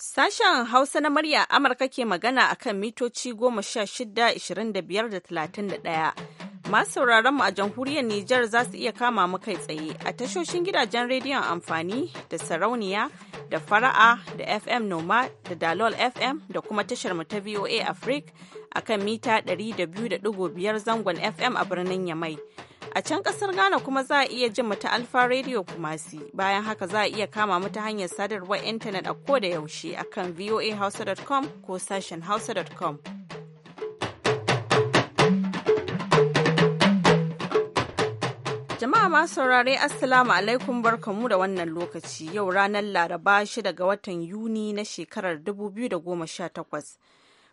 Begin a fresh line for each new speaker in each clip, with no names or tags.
Sashen Hausa na murya Amurka ke magana a kan mitoci goma sha shida, da biyar da talatin da Masu sauraron mu a jamhuriyar Nijar za su iya kama mu kai tsaye a tashoshin gidajen rediyon amfani da sarauniya da fara'a da FM Noma da Dalol FM da kuma tashar mu ta VOA Africa a kan mita 200.5 zangon FM a birnin Yamai. A can kasar Ghana kuma za a iya jin mu ta Alfa Radio Kumasi. Bayan haka za a iya kama mu ta hanyar sadarwar intanet a ko da yaushe akan voahausa.com ko sashen hausa.com. Jama'a masu saurare Assalamu alaikum barkamu da wannan lokaci yau ranar Laraba 6 ga watan Yuni na shekarar 2018.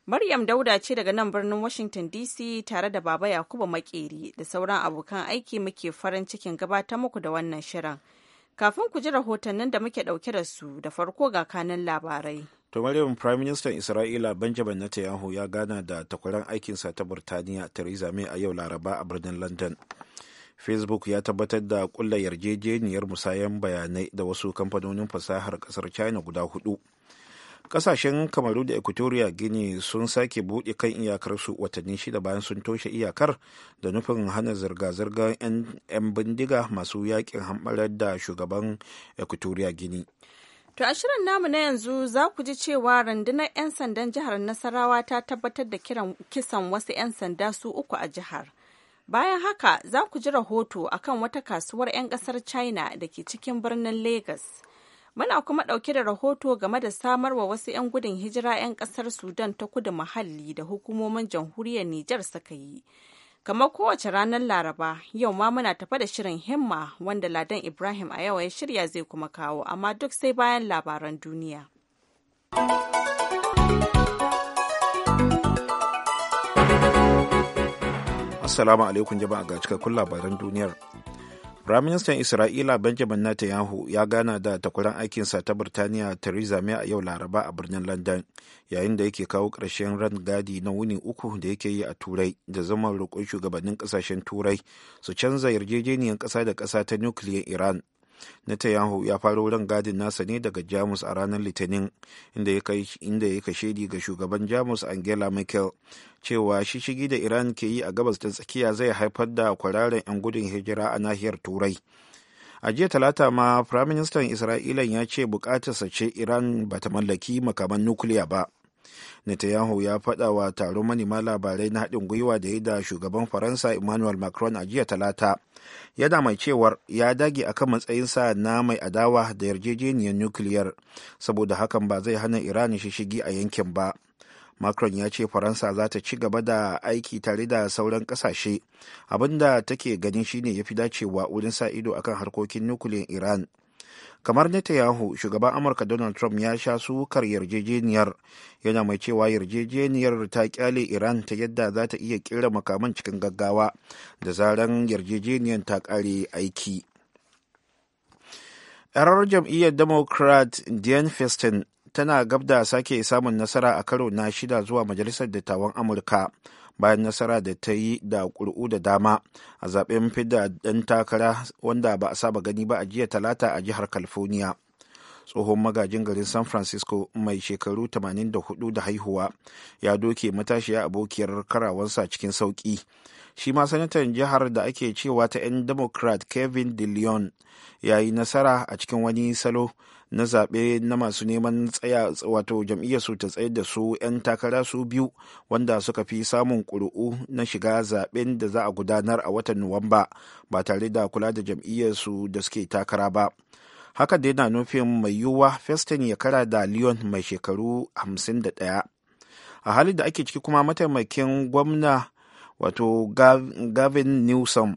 Maryam Dauda ce daga nan birnin Washington DC tare da Baba Yakubu Makeri da sauran abokan aiki muke farin cikin gabatar muku da wannan shirin. Kafin ku ji rahotannin da muke dauke da su da farko ga kanin labarai.
To Maryam Prime Minister Isra'ila Benjamin Netanyahu ya gana da takwaran aikinsa ta Burtaniya Theresa May a yau Laraba a birnin London. Facebook ya tabbatar da kulla yarjejeniyar musayan bayanai da wasu kamfanonin fasahar kasar China guda hudu. kasashen kamaru da equatorial gini sun sake buɗe kan iyakarsu watanni shida bayan sun toshe iyakar da nufin hana zirga-zirgar 'yan bindiga masu yakin hamɓarar da shugaban equatorial gini
To a shirin namu na yanzu za ku ji cewa rundunar 'yan sandan jihar Nasarawa ta tabbatar da kiran kisan wasu 'yan sanda su uku a jihar. Bayan haka za ku ji rahoto akan wata kasuwar 'yan kasar China da ke cikin birnin lagos. Muna kuma ɗauke da rahoto game da samarwa wasu 'yan gudun hijira 'yan ƙasar Sudan ta kudu muhalli da hukumomin jamhuriyar Nijar suka yi. Kamar kowace ranar Laraba, yau ma muna tafa da shirin himma wanda Ladan Ibrahim a yawa ya shirya zai kuma kawo, amma duk sai bayan labaran duniya.
Assalamu alaikum jama'a ga cikakkun labaran duniyar. Firaministan Isra'ila Benjamin Netanyahu ya gana da takwaran aikinsa ta Birtaniya Theresa May a yau Laraba a birnin London yayin da yake kawo ƙarshen ran gadi na wuni uku da yake yi a Turai da zama roƙon shugabannin ƙasashen Turai su canza yarjejeniyar ƙasa da ƙasa ta nukiliyar Iran Netanyahu ya faro ran gadin nasa ne daga Jamus a ranar Litinin inda ya kashedi ga shugaban Jamus Angela Merkel cewa shishigi da Iran ke yi a gabas ta tsakiya zai haifar da kwararren 'yan gudun hijira a nahiyar Turai. A jiya talata ma Firaministan isra'ilan ya ce bukatarsa ce Iran ba ta mallaki makaman nukiliya ba. netanyahu ya faɗa wa taron manema labarai na haɗin gwiwa da ya da shugaban faransa emmanuel macron a jiya talata yana mai cewar ya dage akan matsayinsa na mai adawa da yarjejeniyar nukiliyar saboda hakan ba zai hana iran shishigi a yankin ba macron ya ce faransa za ta ci gaba da aiki tare da sauran kasashe abinda take ganin shine ya fi dacewa wurin sa ido akan harkokin nukiliyar iran kamar netanyahu shugaban amurka donald trump ya sha sukar yarjejeniyar yana mai cewa yarjejeniyar ta kyale iran ta yadda za ta iya kera makaman cikin gaggawa da zaren yarjejeniyar ta kare aiki yarar jam'iyyar democrat diane feston tana gabda sake samun nasara a karo na shida zuwa majalisar dattawan amurka bayan nasara da ta yi da ƙuri'u da dama a zaben fidda ɗan takara wanda ba a saba gani ba a jiya talata a jihar california tsohon magajin garin san francisco mai shekaru 84 da haihuwa ya doke matashiya abokiyar karawansa cikin sauki shi ma sanatan jihar da ake cewa ta 'yan democrat kevin de leon ya yi nasara a cikin wani salo na zaɓe na masu neman tsaya wato jam'iyyarsu ta tsayar da su 'yan takara su biyu wanda suka fi samun ƙuri'u na shiga zaɓen da za a gudanar a watan nuwamba ba tare da kula da jam'iyyarsu da suke takara ba haka dai na nufin mai yiwuwa festin ya kara da leon mai shekaru 51 a halin da ake ciki kuma mataimakin gwamna wato gavin newsom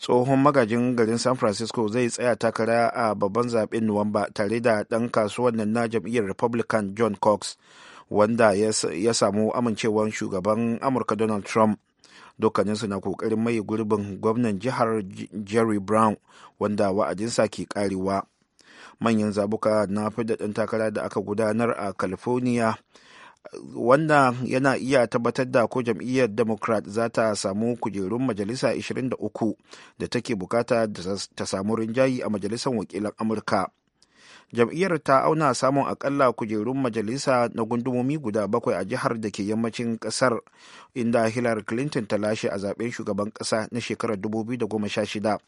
tsohon magajin garin san francisco zai tsaya takara a babban zaben nuwamba tare da ɗan kasuwan nan na jam'iyyar republican john cox wanda ya samu amincewar shugaban amurka donald trump dukkaninsu na kokarin mai gurbin gwamnan jihar jerry brown wanda wa'adinsa ke karewa manyan zabuka na fidda ɗan takara da aka gudanar a california wannan yana iya tabbatar da ko jam'iyyar democrat za ta samu kujerun majalisa 23 da take bukata ta samu rinjayi a majalisar wakilan amurka jam'iyyar ta auna samun akalla kujerun majalisa na gundumomi guda bakwai a jihar da ke yammacin kasar inda hillary clinton ta lashe a zaben shugaban kasa na shekarar 2016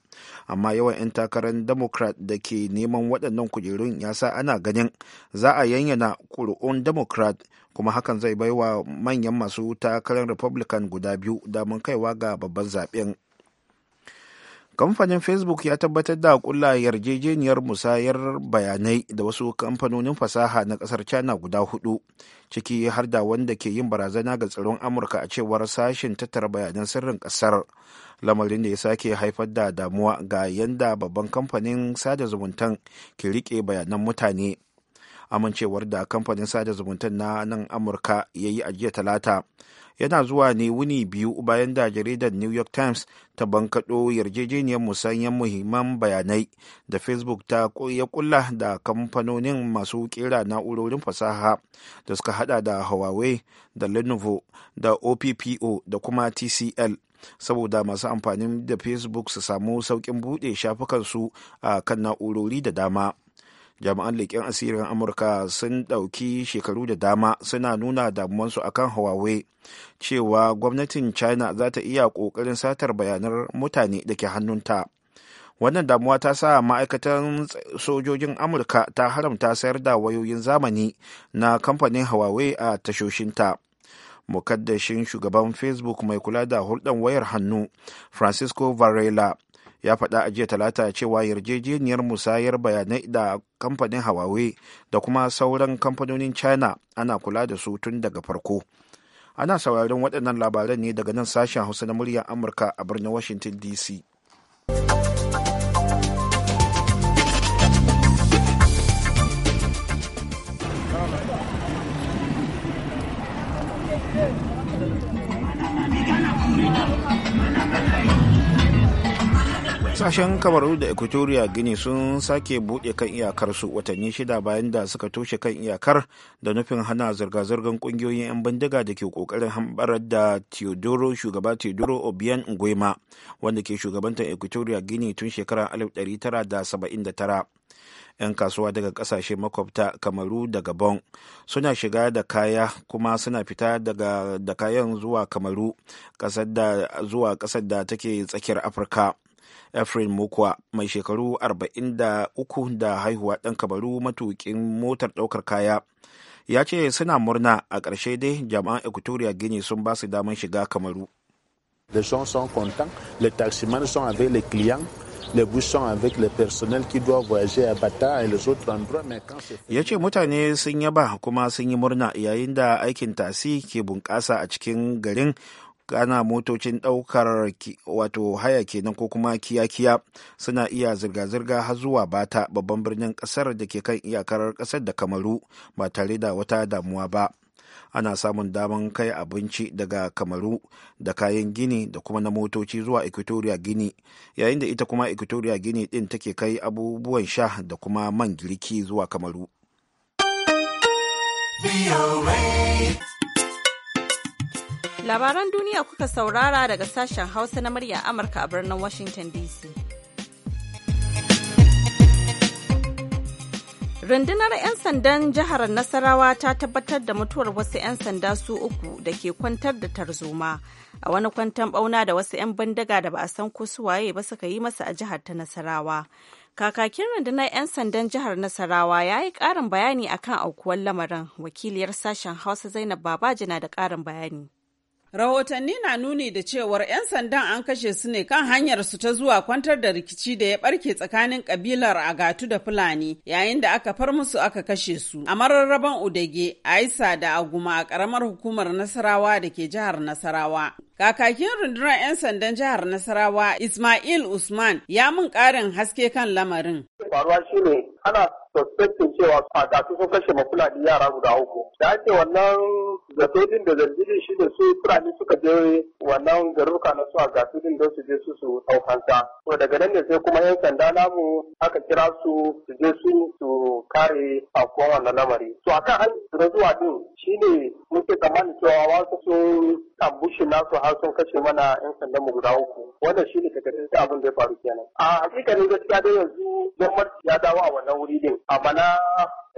amma yawan 'yan takarar democrat da ke neman waɗannan kujerun ya sa ana ganin za a yanyana ƙuri'un democrat kuma hakan zai baiwa manyan masu takarar republican guda biyu damar kaiwa ga babban zaben. kamfanin facebook ya tabbatar da kulla yarjejeniyar musayar bayanai da wasu kamfanonin fasaha na kasar china guda hudu ciki har da wanda ke yin barazana ga tsaron amurka a cewar sashen tattara bayanan sirrin kasar lamarin da ya sake haifar da damuwa ga yanda babban kamfanin sada zumuntan ke rike bayanan mutane amincewar da kamfanin sada zumunta na nan amurka ya yi a jiya talata yana zuwa ne wuni biyu bayan da jaridar new york times ta bankaɗo yarjejeniyar musanyen muhimman bayanai da facebook ta ya kulla da kamfanonin masu kera na'urorin fasaha da suka hada da huawei da lenovo da oppo da kuma tcl saboda masu amfani da facebook su samu sauƙin buɗe shafukansu a kan na'urori da dama jami'an leƙen asirin amurka sun ɗauki shekaru da dama suna nuna damuwansu kan huawei cewa gwamnatin china za ta iya ƙoƙarin satar bayanan mutane da ke hannunta wannan damuwa ta sa ma'aikatan sojojin amurka ta haramta sayar da wayoyin zamani na kamfanin huawei a tashoshinta mukaddashin shugaban facebook mai kula da hulɗar wayar hannu francisco varela ya faɗa a jiya talata cewa yarjejeniyar musayar bayanai da kamfanin hawawe da kuma sauran kamfanonin china ana kula da su tun daga farko ana sauraron waɗannan labaran ne daga nan sashen hausa na muryar amurka a birnin washington dc kasashen kamaru da equatorial guinea sun sake buɗe kan iyakarsu watanni shida bayan da suka toshe kan iyakar da nufin hana zirga-zirgar kungiyoyin 'yan bindiga da ke ƙoƙarin hambar da teodoro shugaba teodoro obiyan nguema wanda ke shugabantar equatorial guinea tun shekarar 1979 'yan kasuwa daga kasashe makwabta kamaru da gabon suna shiga da kaya kuma suna fita daga da kayan zuwa kamaru zuwa kasar da take tsakiyar afirka efrain mokwa mai shekaru 43 da haihuwa ɗan kabaru matuƙin motar ɗaukar kaya ya ce suna murna a ƙarshe dai jama'an equatorial gini sun ba su damar shiga kamaru Les gens sont contents, les taximans sont avec les clients, les bus sont avec le personnel qui doit voyager à Bata et les autres endroits. Mais quand ya ce mutane sun yaba kuma sun yi murna yayin da aikin tasi ke bunƙasa a cikin garin kana motocin ɗaukar wato haya kenan ko kuma kiya-kiya suna iya zirga-zirga har zuwa bata babban birnin ƙasar da ke kan iyakar ƙasar da kamaru ba tare da wata damuwa ba ana samun daman kai abinci daga kamaru da kayan gini da kuma na motoci zuwa equatoria gini yayin da ita kuma equatoria gini ɗin take kai abubuwan sha da kuma man girki zuwa kamaru.
Labaran duniya kuka saurara daga sashen Hausa na murya Amurka a birnin Washington DC. Rundunar 'yan sandan jihar Nasarawa ta tabbatar da mutuwar wasu 'yan sanda su uku da ke kwantar da tarzoma a wani kwantan bauna da wasu 'yan bindiga da ba a san ko suwaye ba suka yi masa a jihar ta Nasarawa. Kakakin rundunar 'yan sandan jihar Nasarawa ya yi ƙarin bayani akan aukuwar lamarin
wakiliyar sashen Hausa Zainab Babaji na da ƙarin bayani. Rahotanni na nuni da cewar 'yan sandan an kashe su ne kan hanyar su ta zuwa kwantar da rikici da ya barke tsakanin kabilar Agatu da Fulani yayin da aka far musu aka kashe su. A mararraban Udage, Aisa da Aguma a karamar hukumar Nasarawa da ke jihar Nasarawa. Kakakin rundunar 'yan sandan jihar Nasarawa Ismail Usman ya mun karin haske kan lamarin.
Faruwa shi ana suspectin cewa a kasu sun kashe mafulani yara guda uku da ake wannan gatodin da zargin shi da su fulani suka je wannan garuruka na su a din don su je su su ɗaukansa to daga nan ne sai kuma yan sanda namu aka kira su su je su su kare akwai wannan lamari to akan hanyar zuwa din shine muke tsammanin cewa wasu sun tambushi nasu har sun kashe mana yan sandan mu guda uku wannan shine takaitaccen abin da ya faru kenan a ne gaskiya dai yanzu gwamnati ya dawo a wannan wuri din A bana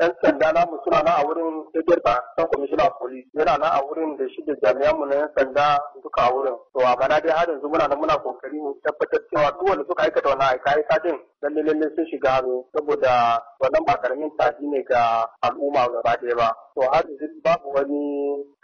yan sanda mu suna na a wurin tafiyar ba san kwamishina police yana na a wurin da shi da jami'an mu na yan sanda duka a wurin to amma na dai har yanzu muna nan muna kokari mu tabbatar cewa duk wanda suka aikata wannan aika aika din lalle lalle sun shiga hannu saboda wannan ba karamin tafi ne ga al'umma ba ɗaya ba to har yanzu babu wani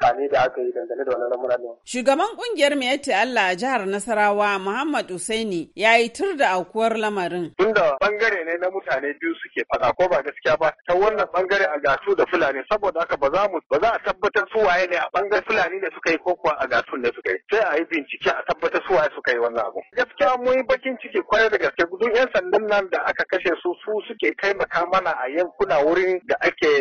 kane da aka yi dangane da wannan
shugaban kungiyar Mayetti Allah a jihar Nasarawa Muhammad Usaini ya yi tur da aukuwar lamarin tunda
bangare ne na mutane biyu suke faɗa ko ba gaskiya ba ta wannan bangare a gasu da fulani saboda haka ba za mu ba za a tabbatar su waye ne a bangaren fulani ne suka yi ko kuwa a gasun ne suka yi sai a yi bincike a tabbatar su waye suka yi wannan abu gaskiya mun yi bakin ciki kwarai da gaske gudun yan sandan nan da aka kashe su su suke taimaka mana a yankuna wurin da ake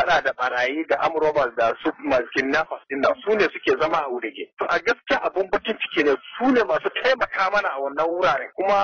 fada da barayi da amrobas da su kidnappers din su ne suke zama a wurige to a gaskiya abun bakin ciki ne su ne masu taimaka mana a wannan wuraren kuma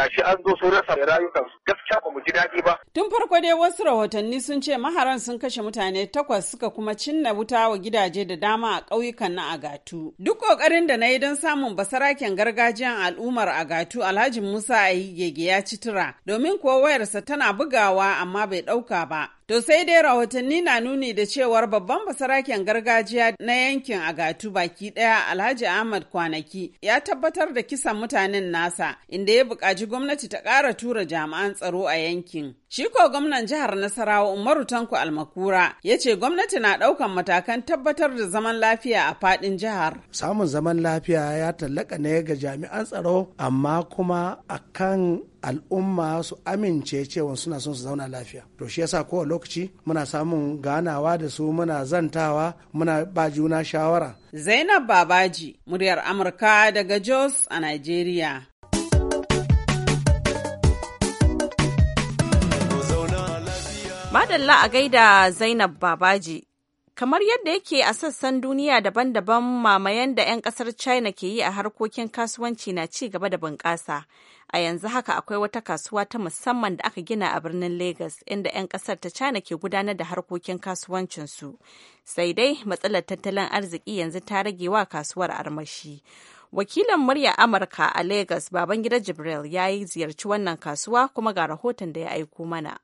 gashi an zo su rasa rayukansu gaskiya ba mu ji daɗi ba
tun farko farko dai wasu rahotanni sun ce maharan sun kashe mutane takwas suka kuma cinna wuta wa gidaje da dama a ƙauyukan na Agatu. Duk ƙoƙarin da na yi don samun basaraken gargajiyan al'ummar Agatu Alhaji Musa gege ya ci tura domin kuwa wayarsa tana bugawa amma bai ɗauka ba. To sai dai rahotanni na nuni da cewar babban basaraken gargajiya na yankin Agatu baki daya Alhaji Ahmad kwanaki ya tabbatar da kisan mutanen nasa inda ya buƙaci gwamnati ta ƙara tura jami'an tsaro a yankin. Shi ko gwamnan jihar Nasarawa Umaru Tanko Almakura ya ce gwamnati na ɗaukan matakan tabbatar da zaman lafiya a faɗin jihar.
Samun zaman lafiya ya tallaka ne ga jami'an tsaro amma kuma akan al'umma su amince cewa suna son su zauna lafiya to shi yasa kowa lokaci muna samun ganawa da su muna zantawa muna ba juna shawara
zainab babaji muryar amurka daga jos a nigeria
madalla a gaida zainab babaji kamar yadda yake a sassan duniya daban-daban mamayen da 'yan kasar china ke yi a harkokin kasuwanci na ci gaba da bunƙasa a yanzu haka akwai wata kasuwa ta musamman da aka gina a birnin Legas inda 'yan kasar ta China ke gudanar da harkokin kasuwancinsu. Sai dai matsalar tattalin arziki yanzu ta rage wa kasuwar armashi. Wakilin murya Amurka a Legas Babangida Jibril ya yi ziyarci wannan kasuwa kuma ga rahoton da ya aiko mana.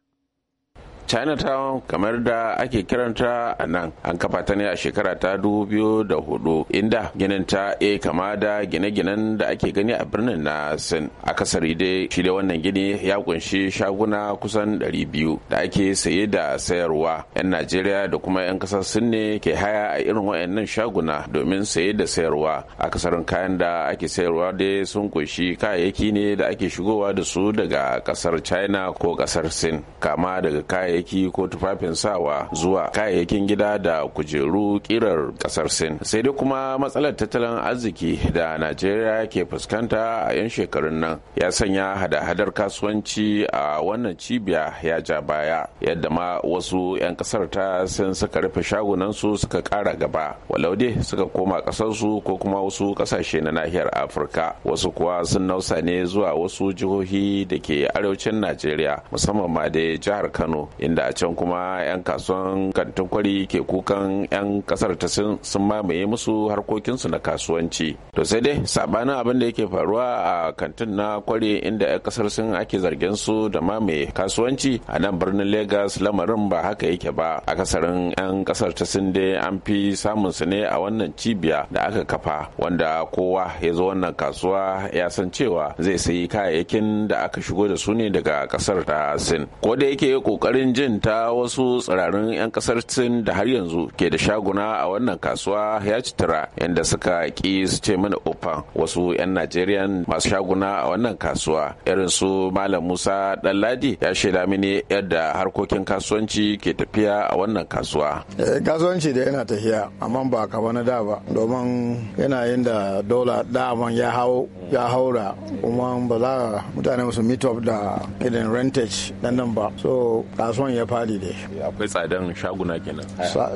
China chinatown kamar da ake kiranta a nan an kafa ta ne a shekara ta da hudu inda ginin ta eh, kama da gine-ginen da ake gani a birnin na sin akasari dai shi da wannan gini ya kunshi shaguna kusan 200 da ake saye da sayarwa 'yan najeriya da kuma 'yan kasar sin ne ke haya a irin wayannan shaguna domin saye da sayarwa akasarin kayan da ake sayarwa dai sun kunshi kayayyaki ne da ake shigowa da su daga kasar china ko kasar sin kama daga kayayyaki kayayyaki ko tufafin sawa zuwa kayayyakin gida da kujeru kirar kasar sin sai dai kuma matsalar tattalin arziki da najeriya ke fuskanta a 'yan shekarun nan ya sanya hada-hadar kasuwanci a wannan cibiya ya ja baya yadda ma wasu 'yan kasar ta sin suka rufe shagunansu suka kara gaba walau dai suka koma kasarsu ko kuma wasu kasashe na nahiyar afirka wasu kuwa sun nausa ne zuwa wasu jihohi da ke arewacin najeriya musamman ma da jihar kano inda a can kuma 'yan kasuwan kantin kwari ke kukan 'yan kasar ta sun mamaye musu harkokinsu na kasuwanci to sai dai sabanin abin da yake faruwa a kantin na kwari inda 'yan kasar sun ake zargin su da mamaye kasuwanci a nan birnin Legas lamarin ba haka yake ba A kasarin 'yan kasar ta sun dai an fi samun su ne a wannan cibiya da aka kafa wanda kowa ya zo wannan kasuwa ya san cewa zai sayi kayayyakin da aka shigo da su ne daga kasar ta sin ko da yake kokarin jin ta wasu tsirarin 'yan kasar cin da har yanzu ke da shaguna a wannan kasuwa ya tara inda suka ki su ce mana ofa wasu 'yan Najeriya masu shaguna a wannan kasuwa irin su Malam Musa Ɗanladi ya shaida mini yadda harkokin kasuwanci ke tafiya a wannan kasuwa.
Eh, kasuwanci da yana tafiya amma ba kaba na da ba domin yanayin da dola daman ya hau ya haura kuma ba za mutane su meet up da irin rentage dan nan ba so kasuwan ya fadi dai
akwai tsadan shaguna kenan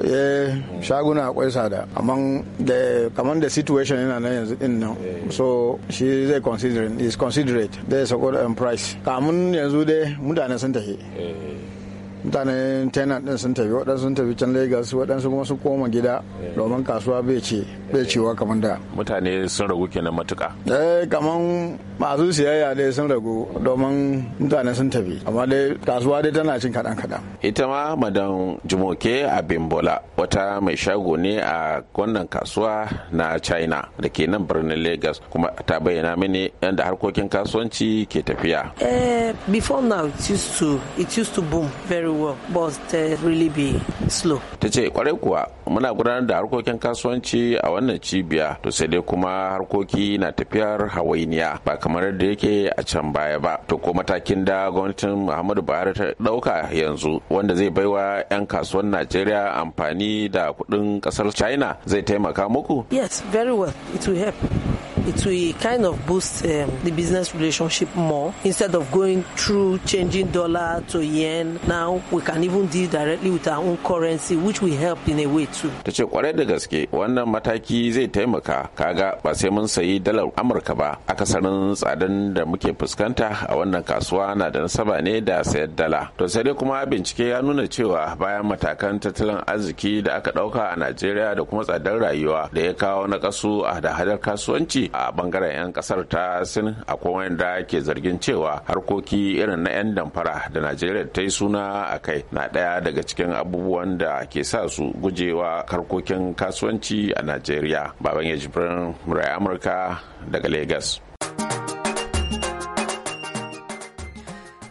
eh shaguna akwai tsada amma da kamar da situation yana nan yanzu din nan eh. so shi zai considering is considerate zai sako da price kamun yanzu dai mutane sun tafi eh. mutanen tenant din sun tafi waɗansu sun tafi can lagos waɗansu kuma sun koma gida domin kasuwa bai ce bai cewa kamar da
mutane sun ragu kenan matuka
eh kamar masu siyayya dai sun ragu domin mutane sun tafi amma dai kasuwa dai tana cin kaɗan kaɗan
ita ma madan jumoke a bimbola wata mai shago ne a wannan kasuwa na china da ke nan birnin lagos kuma ta bayyana mini yadda harkokin kasuwanci ke tafiya
eh before now it used to it used to boom very will but they really be slow.
Ta ce kwarai kuwa muna gudanar da harkokin kasuwanci a wannan cibiya to sai dai kuma harkoki na tafiyar hawainiya ba kamar yadda yake a can baya ba to ko matakin da gwamnatin Muhammadu Buhari ta dauka yanzu wanda zai baiwa 'yan kasuwan Najeriya amfani da kudin kasar China zai taimaka muku?
Yes, very well. It will help. it will kind of boost um, the business relationship more. Instead of going through changing dollar to yen, now we can even deal directly with our own currency, which will help in a way too.
Ta ce kwarai da gaske wannan mataki zai taimaka kaga ba sai mun sayi dalar Amurka ba akasarin tsadan da muke fuskanta a wannan kasuwa na da nasaba ne da sayar dala. To sai dai kuma bincike ya nuna cewa bayan matakan tattalin arziki da aka dauka a Najeriya da kuma tsadar rayuwa da ya kawo na kasu a da hadar kasuwanci a bangaren 'yan kasar ta sin akwai wanda ke zargin cewa harkoki irin na 'yan damfara da najeriya ta yi suna a kai na ɗaya daga cikin abubuwan da ke sa su gujewa harkokin kasuwanci a najeriya baban ya murai amurka daga lagos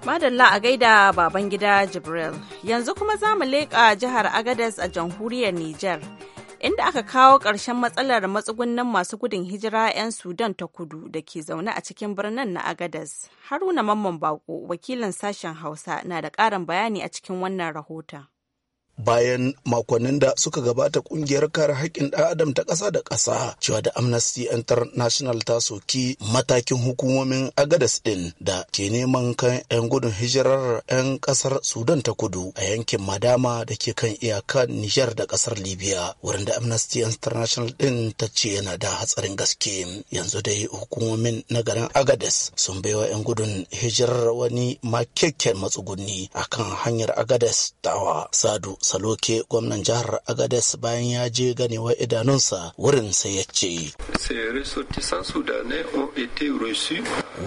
Madalla a gaida baban gida Jibril. Yanzu kuma za mu leƙa jihar Agadez a jamhuriyar Nijar. inda aka kawo ƙarshen matsalar matsugunan masu gudun hijira 'yan Sudan ta kudu da ke zaune a cikin birnin na Agadas. Haruna Mamman Bako, wakilin sashen Hausa, na da ƙarin bayani a cikin wannan rahoton.
bayan makonnin da suka gabata kungiyar kare haƙƙin ɗan adam ta ƙasa da ƙasa cewa da amnesty international ta soki matakin hukumomin agadas ɗin da ke neman kan 'yan gudun hijirar 'yan ƙasar sudan ta kudu a yankin madama da ke kan iyakar nijar da ƙasar libya wurin da amnesty international ɗin ta ce yana da hatsarin gaske yanzu dai hukumomin na garin agadas sun baiwa 'yan gudun hijirar wani makekken matsuguni akan hanyar agadas tawa sadu Saloke gwamnan jihar Agades bayan ya je ganewa idanunsa wurin sai ya ce.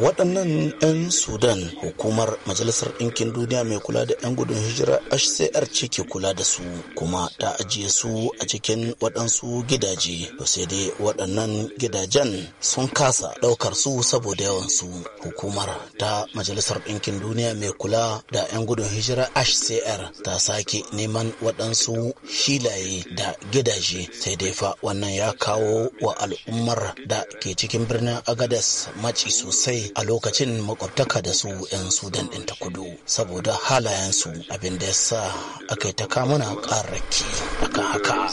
Waɗannan 'yan Sudan hukumar Majalisar Ɗinkin Duniya mai kula da 'yan gudun hijira HCR ce ke kula da su kuma ta ajiye su a cikin waɗansu gidaje. To sai dai waɗannan gidajen sun kasa ɗaukar su saboda yawansu. Hukumar ta Majalisar Ɗinkin Duniya mai kula da 'yan gudun hijira HCR ta sake neman waɗansu shilaye da gidaje sai dai fa wannan ya kawo wa al'ummar da ke cikin birnin agadas maci sosai a lokacin makwabtaka da su 'yan sudan ɗin ta kudu saboda halayensu abin da ya sa aka yi ta kamuna ƙararraki
akan haka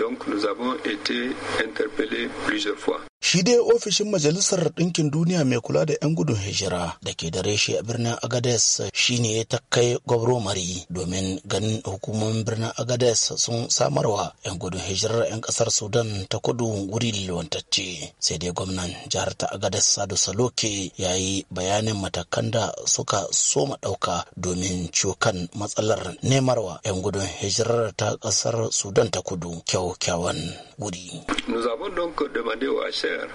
Donc nous avons été interpellés plusieurs fois.
Shi dai ofishin Majalisar Ɗinkin Duniya mai kula da 'yan gudun hijira da ke da reshe a birnin Agades shi ne ta kai gwabro mari domin ganin hukumomin birnin Agades sun samarwa 'yan gudun hijirar 'yan ƙasar Sudan ta kudu wuri lilwantacce. Sai dai gwamnan jihar ta Agades Sadu Saloke ya yi bayanin matakan da suka soma ɗauka domin cokan matsalar nemarwa 'yan gudun hijirar ta ƙasar Sudan ta kudu kyau kyakkyawan wuri. Euh,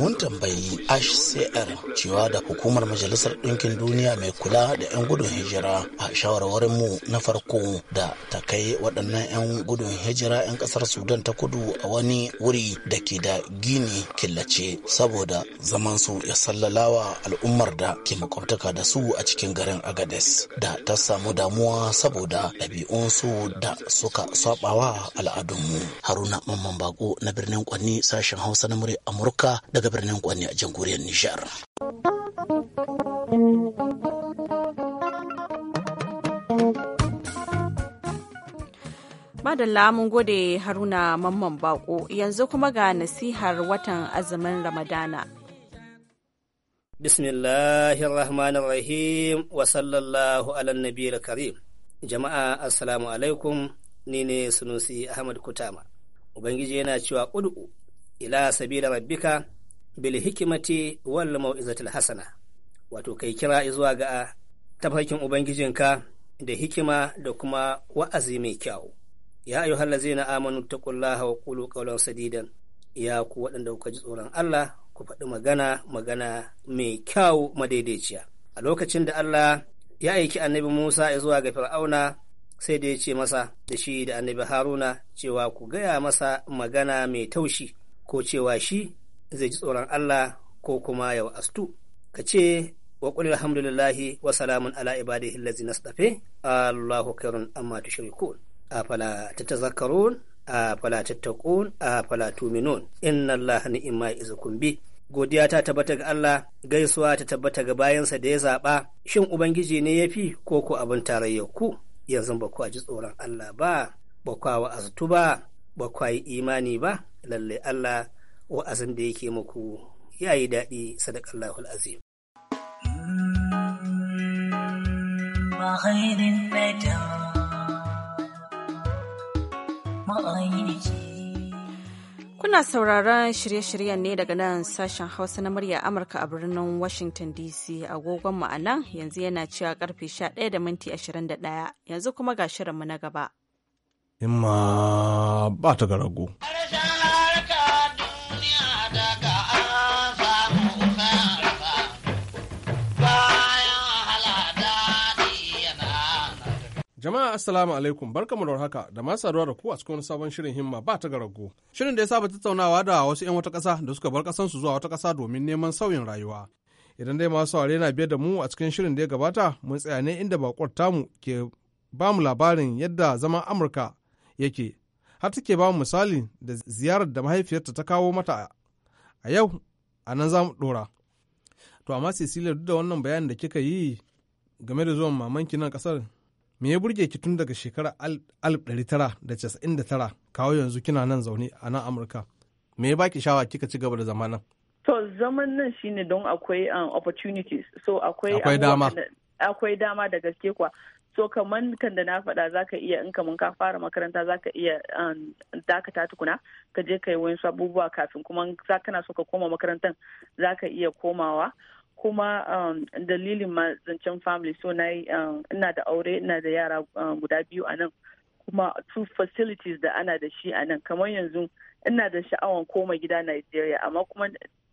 Mun tambayi HCR cewa da hukumar Majalisar Ɗinkin Duniya mai kula da 'yan gudun hijira a shawarwarinmu na farko da ta kai waɗannan 'yan gudun hijira 'yan ƙasar Sudan ta kudu a wani wuri da ke da gini killace saboda zaman su ya sallalawa al'ummar da ke makwabtaka da su a cikin garin Agades da ta samu damuwa saboda ɗabi'unsu da suka sabawa al'adunmu haruna mamman bako na birnin kwanni sashen hausa na murya amurka daga birnin kwanni a jamhuriyar nijar
Madalla mun gode haruna mamman bako yanzu kuma ga nasihar watan azumin ramadana
bismillahir rahmanir rahim wa sallallahu ala karim jama'a assalamu alaikum ni ne sunusi ahmad kutama ubangiji yana cewa ud'u ila sabila rabbika bil hikimati wal mau'izatil hasana wato kai kira zuwa ga tafarkin ubangijinka da hikima da kuma wa'azi mai kyau ya ayu na amanu taqullaha wa qulu qawlan sadidan ya ku waɗanda kuka ji tsoron Allah ku faɗi magana magana mai kyau madaidaiciya a lokacin da Allah ya aiki annabi Musa zuwa ga Fir'auna sai da ya ce masa da shi da annabi haruna cewa ku gaya masa magana mai taushi ko cewa shi zai ji tsoron allah ko kuma ya astu ka ce wa qul alhamdulillahi wa salamun ala ibadihi allazina tafe allahu khairun amma tushrikun afala tatazakkarun afala tattaqun afala tuminun inna allaha ni'ma izukum bi godiya ta tabbata ga Allah gaisuwa ta tabbata ga bayansa da ya zaɓa shin ubangiji ne ya fi ko ku abin tarayyar ku yanzu ba ku ji tsoron Allah ba ba kwa wa'aztu ba ba ku yi imani ba lalle Allah wa'azin da yake muku yayi daɗi sadaqallahul azim
Mahaidin البدر
Kuna sauraron shirye-shiryen ne daga nan sashen Hausa na murya Amurka a birnin Washington DC agogon mu yanzu yana cewa karfe 11 da minti 21 yanzu kuma ga shirinmu na gaba.
Imma ba ta garago. Jama'a assalamu alaikum barkamu da haka da masu saduwa da ku a cikin sabon shirin himma ba ta garago. Shirin da ya saba tattaunawa da wasu 'yan wata ƙasa da suka bar ƙasansu zuwa wata ƙasa domin neman sauyin rayuwa. Idan dai masu saurare na biyar da mu a cikin shirin da ya gabata mun tsaya ne inda bakwar tamu ke ba mu labarin yadda zaman Amurka yake. Har take ba mu misali da ziyarar da mahaifiyarta ta kawo mata a yau a nan za mu ɗora. To amma Cecilia duk da wannan bayanin da kika yi game da zuwan mamanki nan ƙasar me ya burge ki tun daga shekarar 1999 kawo yanzu kina nan zaune a nan amurka me ya baki shawa kika ci gaba da zama nan
to zaman nan shine don akwai um, opportunities so akwai akwai dama akwai dama da gaske kuwa so kaman kan da na faɗa zaka iya in kaman ka fara makaranta zaka iya um, dakata tukuna ka je kai wani abubuwa kafin kuma za kana so ka koma makarantan zaka iya komawa kuma um, dalilin ma zancen family so na um, ina da aure ina da yara um, guda biyu a nan kuma two facilities da ana da shi a nan kamar yanzu ina da sha'awan koma gida Najeriya amma kuma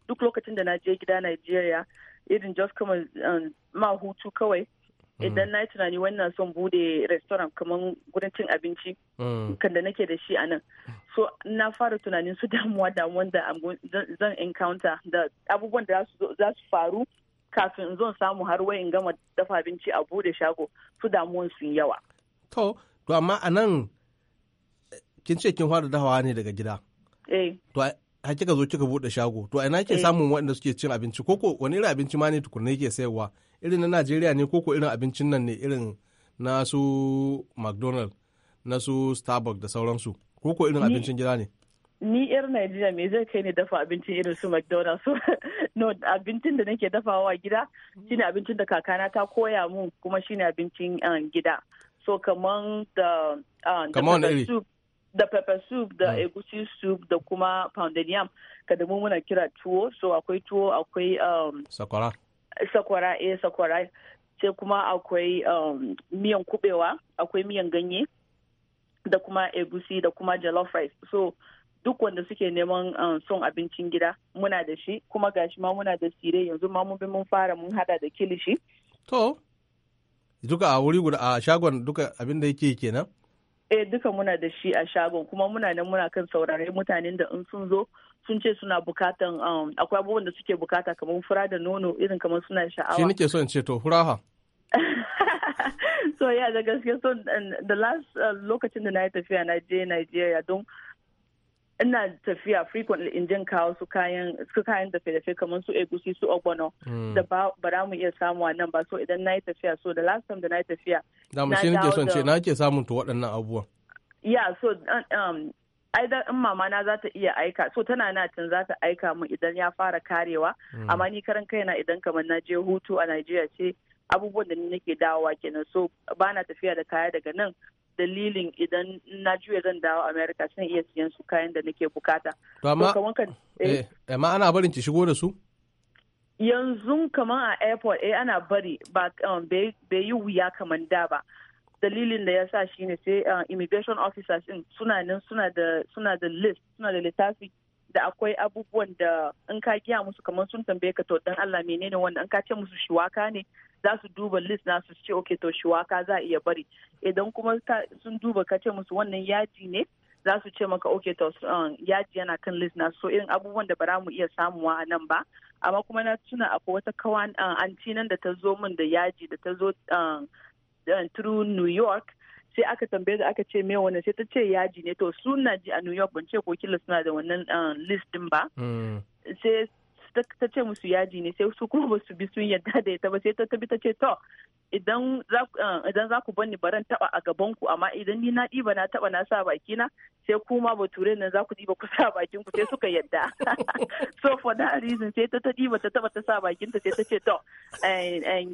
duk lokacin da na je gida Najeriya irin just kama ma hutu kawai idan mm. na yi tunani wannan son bude restaurant kamar gudun cin abinci
mm. kan da
nake da shi a nan so na fara tunanin su damuwa da wanda zan encounter da abubuwan da za su faru kafin zan samu har wai in gama dafa abinci a bude shago su damuwan sun yawa to
to amma a nan kin ce kin fara dafawa ne daga gida eh to har kika zo kika buɗe shago to ina ke eh. samun waɗanda suke cin abinci ko ko wani irin abinci ma ne tukunna yake sayarwa irin na najeriya ne koko irin abincin nan ne irin na su mcdonald na su starbucks da sauransu koko irin abincin gida ne
ni yar Najeriya me zai kai ne dafa abincin irin su McDonald's no abincin da nake dafawa gida shine abincin da kakana ta koya mu kuma shine abincin ah, gida so kaman da ah, kaman da da pepper soup da ah. egusi soup da kuma pounded yam kada mu muna kira tuwo so akwai tuwo akwai um, sakwara sakwara a eh, sakwara sai kuma akwai um, miyan kubewa akwai miyan ganye da kuma egusi da kuma jollof rice so duk wanda suke neman um, son abincin gida muna da shi kuma gashi ma muna da sire yanzu ma mun bi mun fara mun hada da kilishi to
duka a wuri guda a shagon duka abin da yake kenan
eh duka muna da shi a shagon kuma muna nan muna kan saurare mutanen da in sun zo sun ce suna bukatan um, akwai abubuwan da suke bukata kamar fura da nono irin kamar suna sha'awa. Shi nake
son ce to furaha.
so ya da gaske so the last uh, lokacin da na yi tafiya na je Nigeria don ina tafiya frequently in jin kawo su kayan su kayan dafe-dafe kamar su egusi su ogbono hmm. da ba za mu iya samu a nan ba so idan na yi tafiya so the last time da na yi tafiya. Da mu shi nake son ce na
ke samun to waɗannan abubuwan.
Yeah, so uh, um, ai da in mama na za ta iya aika so tana na tun za ta aika mu idan ya fara karewa mm. amma ni karan kaina idan kamar na je hutu a Najeriya ce abubuwan da ni nake dawowa kenan so bana tafiya da kaya daga nan dalilin idan na juya zan dawo America sun iya siyan su kayan da nake bukata to amma eh. Eh,
amma ana barin ki shigo da su
yanzu kamar a airport eh ana bari ba um, bai yi wuya kamar da ba dalilin da ya sa shi ne sai uh, immigration officers in suna nan suna da list suna da littafi da akwai abubuwan da in ka giya musu kamar sun tambaye ka to dan Allah menene wanda in ka ce musu shiwaka ne za su duba list na su ce okay to shiwaka za iya bari idan kuma sun duba ka ce musu wannan yaji ne za su ce maka okay to um, yaji yana kan list na so irin abubuwan da ba mu iya samuwa nan ba amma kuma na tuna akwai wata kawan uh, anti nan da ta zo min da yaji da ta zo um, through New York sai aka tambaye da aka ce me wannan sai ta ce yaji ne to suna ji a New York ban ce ko kila suna da wannan eh, list din ba mm. sai ta ce musu yaji ne sai su kuma ba su bi sun yadda da ita ba sai ta tabi ta ce to idan za ku eh, bani baran taba a gaban ku amma idan ni na diba na taba na sa baki na sai kuma bature nan za ku ɗiba ku sa bakin ku sai suka yadda so for that reason sai ta ta ta taba ta sa bakin ta sai ta ce to eh, eh,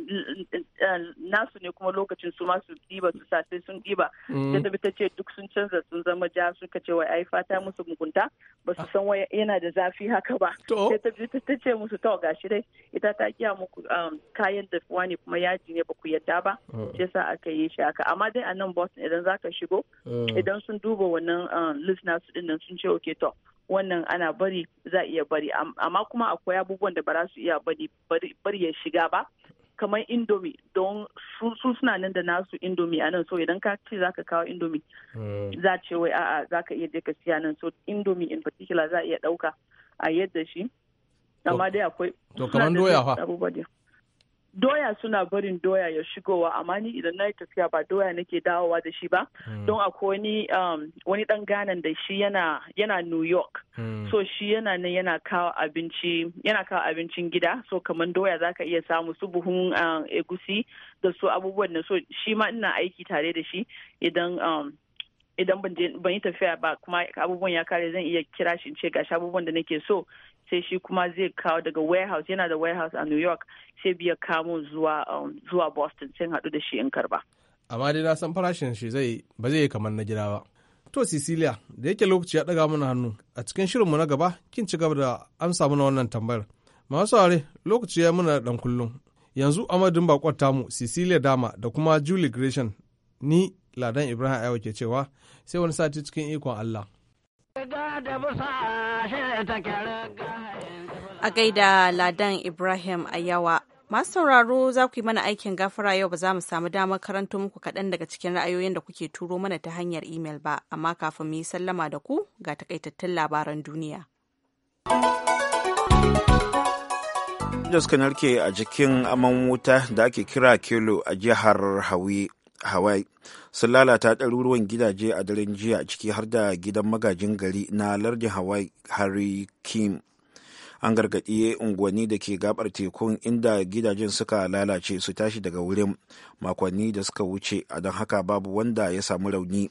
nasu ne kuma lokacin su ma su ɗiba su sa sai sun ɗiba mm. sai ta bi ta ce duk sun canza sun zama ja suka ce wai ai fata musu mugunta ba su ah. san wai yana da zafi haka ba sai ta bi ta ta ce musu to gashi dai ita ta kiya muku um, kayan dafuwa ne kuma yaji ne ba ku yadda ba oh. shi sa aka yi shi haka amma dai a nan Boston idan za ka shigo oh. idan sun duba wannan um, list nasu din nan sun ce okay to wannan ana bari za iya bari amma kuma akwai abubuwan da ba za su iya bari bari ya shiga ba kamar indomi don su suna nan da nasu indomi a nan so idan ka ce ka kawo indomi oh. za ce wai a'a ka iya je ka siya nan so indomi in particular za iya dauka a yadda shi amma dai akwai
to kaman doya fa
doya suna barin doya ya shigowa amma ni idan na yi tafiya ba doya nake dawowa da shi ba hmm. don akwai wani um, wani dan ganan da shi yana New York hmm. so shi yana nan yana kawo abincin gida so kamar doya za ka iya samu su buhun um, egusi da su abubuwan da so shi ma ina aiki tare da shi idan um, idan ban yi tafiya ba kuma abubuwan ya kare zan iya kira shi ce gashi abubuwan da nake so sai shi kuma zai kawo daga warehouse yana da warehouse a new york sai biya kamo zuwa um, boston sai hadu da shi in karba
amma dai na san farashin shi zai ba zai yi kamar na gida ba to cecilia da yake lokaci ya ɗaga mana hannu a cikin shirin mu na gaba kin ci gaba da amsa mana wannan tambayar masu are lokaci ya muna dan kullum yanzu amadin bakon tamu cecilia dama da kuma julie gresham ni ladan ibrahim ayawa ke cewa sai wani sati cikin ikon allah.
Riga da busa shi
ta
a gaida Ladan Ibrahim Ayawa. Masu sauraro za ku yi mana aikin gafara yau ba za mu samu damar karanto muku kaɗan daga cikin ra'ayoyin da kuke turo mana ta hanyar imel ba, amma kafin mu yi sallama da ku ga takaitattun labaran duniya.
da suka narke a jikin aman wuta da ake kira kelo a jihar hawaii sun lalata ɗaruruwan gidaje a daren jiya ciki har da gidan magajin gari na lardin hawaii harry kim an gargaɗi unguwanni da ke gabar tekun inda gidajen suka lalace su tashi daga wurin makonni da suka wuce a don haka babu wanda ya samu rauni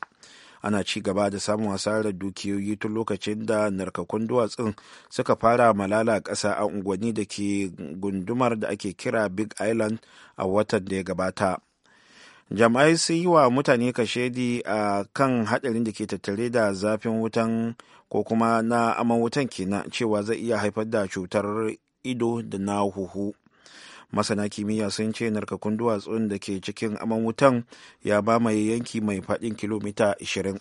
ana ci gaba da samun hasarar dukiyoyi tun lokacin da narkakun duwatsun suka fara malala ƙasa a unguwanni da ke gundumar da ake kira big island a watan da ya gabata jama'ai sun yi wa mutane kashedi a kan haɗarin da ke tattare da zafin wutan ko kuma na aman wutan kenan cewa zai iya haifar da cutar ido da na huhu masana kimiyya sun ce narkakun duwatsun da ke cikin aman wutan ya ba mai yanki mai faɗin kilomita 20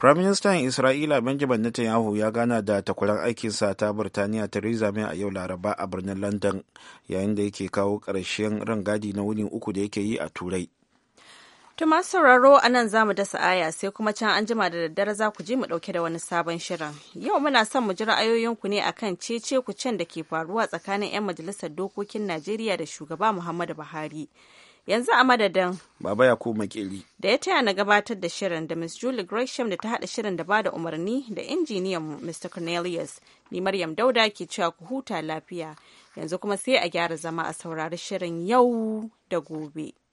Firaministan Isra'ila Benjamin Netanyahu ya gana da takwaran aikinsa ta Birtaniya Theresa May a yau Laraba a birnin London yayin da yake kawo ƙarshen rangadi na wuni uku da yake yi a Turai.
Tuma sauraro a nan za mu dasa aya sai kuma can an jima da daddare za ku je mu ɗauke da wani sabon shirin. Yau muna son mu ji ra'ayoyinku ne akan cece ku can da ke faruwa tsakanin 'yan majalisar dokokin Najeriya da shugaba Muhammadu Buhari. Yanzu a madadin
Baba ya koma keli.
Da ya taya na gabatar da shirin da Miss Julie Gresham da ta haɗa shirin da ba da umarni da injiniyan Mr. Cornelius. Ni Maryam Dauda ke cewa ku huta lafiya. Yanzu kuma sai a gyara zama a saurari shirin yau da gobe.